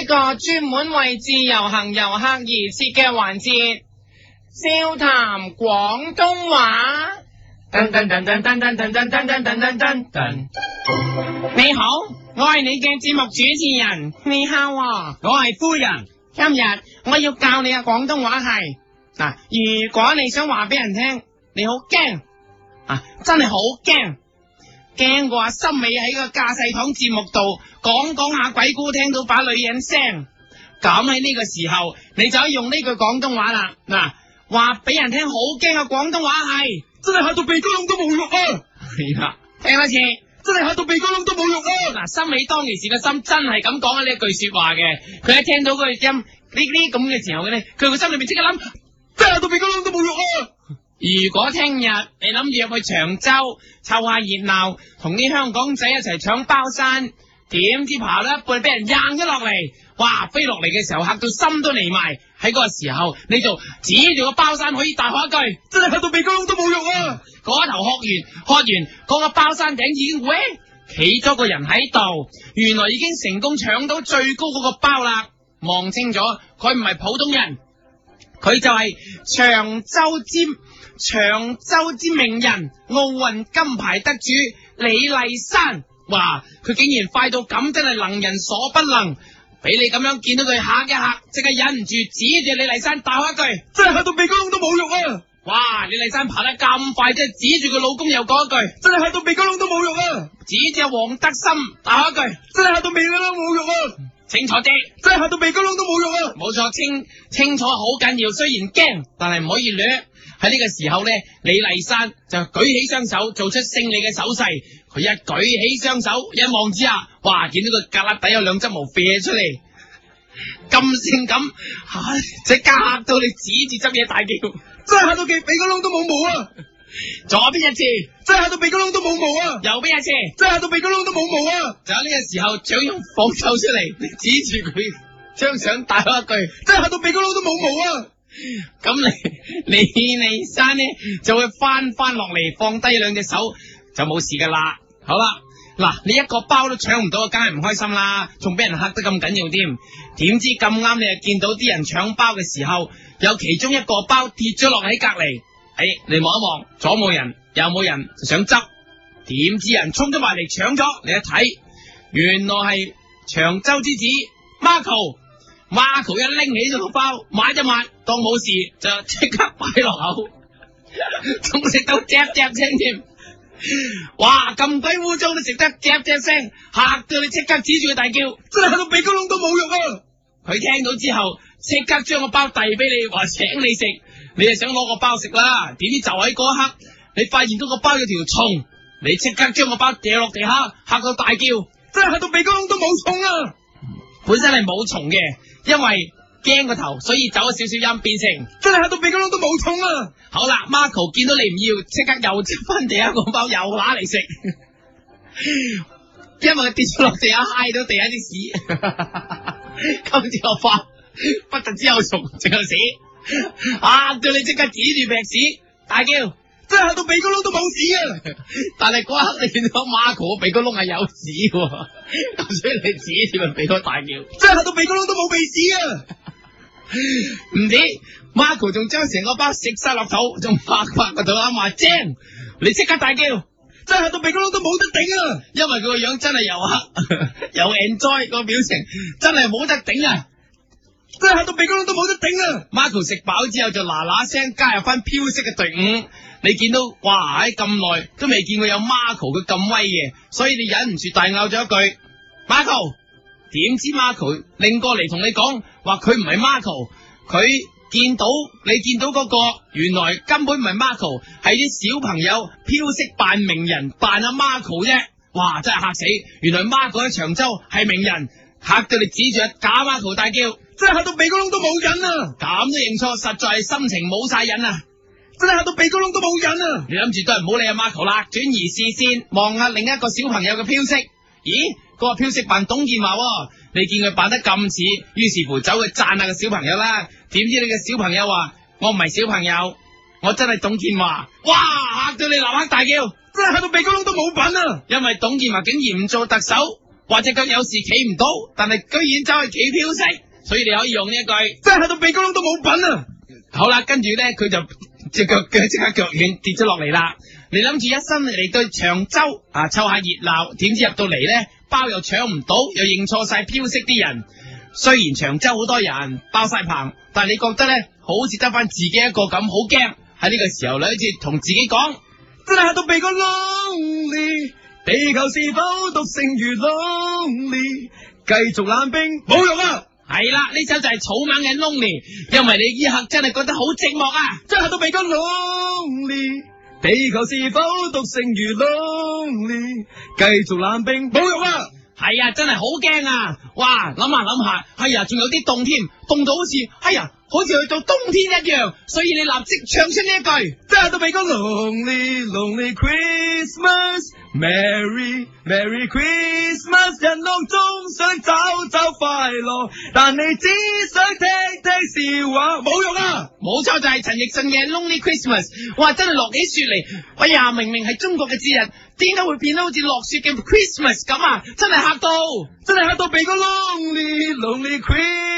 一個專門為自由行遊客而設嘅環節，笑談廣東話。你好，我係你嘅節目主持人，你好， 我係夫人。今日我要教你嘅廣東話係嗱，ural, 如果你想話俾人聽，你好驚啊，真係好驚。驚過啊，心美喺個架勢堂節目度講講下鬼故聽到把女人聲，咁喺呢個時候，你就可以用呢句廣東話啦。嗱，話俾人聽好驚嘅廣東話係，真係吓到鼻哥窿都冇喐啊！係啊，聽一次，真係吓到鼻哥窿都冇喐啊！嗱、啊，心美當其時個心真係咁講呢一句說話嘅，佢一聽到嗰個音呢啲咁嘅時候嘅咧，佢個心裏面即刻諗，真係吓到鼻哥窿都冇喐啊！如果聽日你諗住入去長洲湊下熱鬧，同啲香港仔一齊搶包山，點知爬到一半俾人扔咗落嚟，哇！飛落嚟嘅時候吓到心都離埋，喺嗰個時候你就指住個包山可以大喊一句，真係睇到鼻哥窿都冇用啊！嗰、嗯、頭學完學完，嗰、那個包山頂已經喂企咗個人喺度，原來已經成功搶到最高嗰個包啦！望清楚，佢唔係普通人。嗯佢就係長洲尖，長洲之名人奧運金牌得主李麗珊，哇，佢竟然快到咁，真係能人所不能。俾你咁樣見到佢吓一吓，即係忍唔住指住李麗珊打我一句，真係嚇到鼻哥窿都冇肉啊！哇，李麗珊爬得咁快啫，指住佢老公又講一句，真係嚇到鼻哥窿都冇肉啊！指住阿黃德森打我一句，真係嚇到鼻哥窿冇肉啊！清楚啲，真係嚇到鼻哥窿都冇用啊！冇錯，清清楚好緊要，雖然驚，但係唔可以亂。喺呢個時候咧，李麗珊就舉起雙手做出勝利嘅手勢。佢一舉起雙手，一望之下，哇，見到個夾笠底有兩隻毛飛咗出嚟，咁性感，吓、哎，即係夾到你指住執嘢大叫，真係嚇到佢鼻哥窿都冇毛啊！ 左邊一次，真係吓到鼻哥窿都冇毛啊！右邊一次，真係吓到鼻哥窿都冇毛啊！就喺呢個時候，掌用防守出嚟，指住佢張相大我一句，真係吓到鼻哥窿都冇毛啊！咁你 你，麗珊咧就會翻翻落嚟，放低兩隻手就冇事噶啦。好啦，啊，嗱，你一個包都搶唔到，梗係唔開心啦，仲俾人吓到咁緊要添。點知咁啱你啊見到啲人搶包嘅時候，有其中一個包跌咗落喺隔籬。哎，你望一望，左冇人，右冇人，就想執，點知人衝咗埋嚟搶咗，你一睇，原來係長洲之子 Marco，Marco 一拎起隻包，買一抹當冇事，就即刻擺落口，仲 食到嗒嗒聲添。哇，咁鬼污糟都食得嗒嗒聲，嚇到你即刻指住佢大叫，真係到鼻哥窿都冇用。啊。佢聽到之後，即刻將個包遞俾你，話請你食，你就想攞個包食啦。點知就喺嗰一刻，你發現到個包有條蟲，你即刻將個包掉落地下，嚇到大叫，真係嚇到鼻哥窿都冇蟲啊！嗯、本身係冇蟲嘅，因為驚個頭，所以走咗少少音，變成真係嚇到鼻哥窿都冇蟲啊！好啦，Marco 見到你唔要，即刻又執翻地下個包，又拿嚟食， 因為跌咗落地下，揩到地下啲屎。 今朝我花，不得之有熟，仲有屎。啊！叫你即刻指住撇屎，大叫，真係嚇到鼻哥窿都冇屎啊！但係嗰刻你見到 Marco 鼻哥窿係有屎，所以你指住佢鼻哥大叫，真係嚇到鼻哥窿都冇鼻屎啊！唔止，Marco 仲將成個包食晒落肚，仲拍拍個肚腩話精，你即刻大叫。真係到鼻哥窿都冇得頂啊！因為佢個樣真係、啊、 又黑又 enjoy 個表情，真係冇得頂啊！真係到鼻哥窿都冇得頂啊！Marco 食飽之後就嗱嗱聲加入翻飄色嘅隊伍，你見到哇，喺咁耐都未見過有 Marco 佢咁威嘅，所以你忍唔住大拗咗一句：Marco 點知 Marco 擰過嚟同你講話佢唔係 Marco，佢。見到你見到嗰個原來根本唔係 Marco，係啲小朋友飄色扮名人扮阿 Marco 啫，哇，真係嚇死！原來 Marco 喺長洲係名人，嚇到你指住假 Marco 大叫，真係嚇到鼻哥窿都冇癮啊！咁都認錯，實在係心情冇晒癮啊！真係嚇到鼻哥窿都冇癮啊！你諗住都係唔好理阿 Marco 啦，轉移視線，望下另一個小朋友嘅飄色。咦，嗰個飄色扮董建華喎，你見佢扮得咁似，於是乎走去贊下個小朋友啦。點知你嘅小朋友話：我唔係小朋友，我真係董建華。哇，嚇到你立刻大叫，真係去到鼻哥窿都冇品啊！因為董建華竟然唔做特首，或者佢有時企唔到，但係居然走去企飄色，所以你可以用呢一句，真係去到鼻哥窿都冇品啊！好啦，跟住咧，佢就隻腳腳即刻腳軟跌咗落嚟啦。你諗住一生嚟，對長洲啊，湊下熱鬧，點知入到嚟咧，包又搶唔到，又認錯晒飄色啲人。雖然長洲好多人包晒棚，但係你覺得咧，好似得返自己一個咁，好驚喺呢個時候咧，好似同自己講，真係都比較 lonely，地球是否獨剩餘 lonely，繼續冷冰冇用啊！係啦、啊，呢首就係草蜢嘅 lonely，因為你依刻真係覺得好寂寞啊，真係都比較 lonely。地球是否獨剩如 lonely？繼續冷冰冇用啊！係啊，真係好驚啊！哇，諗下諗下，係啊，仲有啲凍添，凍到好似，哎呀，好似去到冬天一樣。所以你立即唱出呢一句，真係都俾個 lonely lonely Christmas Merry Merry Christmas 人路中想走走快樂，但你只想聽聽笑話，冇用啊！冇、啊、錯就係、是、陳奕迅嘅 Lonely Christmas，我話真係落起雪嚟，哎呀，明明係中國嘅節日，點解會變得好似落雪嘅 Christmas 咁啊？真係吓到，真係吓到鼻哥 Lonely Lonely Christmas。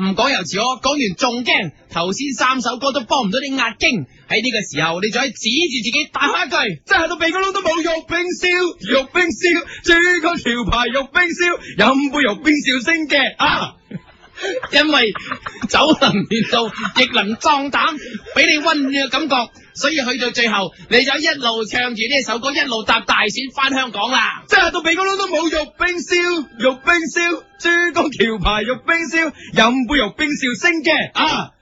唔講猶自可我，講完仲驚，頭先三首歌都幫唔到你壓驚，喺呢個時候，你再喺指住自己大喊一句，真係到鼻哥窿都冇肉，玉冰燒，玉冰燒，珠江橋牌玉冰燒，飲杯玉冰燒升嘅啊， 因為酒能到，到，亦能壯膽，俾你溫熱嘅感覺。所以去到最後，你就一路唱住呢首歌，一路搭大船翻香港啦。即係到美國佬都冇肉冰燒，肉冰燒，珠江橋牌肉冰燒，飲杯肉冰燒升嘅。啊，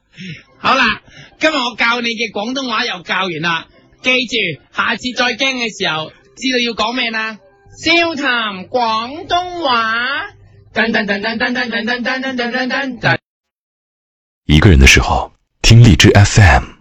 好啦，今日我教你嘅廣東話又教完啦，記住下次再驚嘅時候，知道要講咩啦。笑談廣東話。一個人嘅時候，聽荔枝 FM。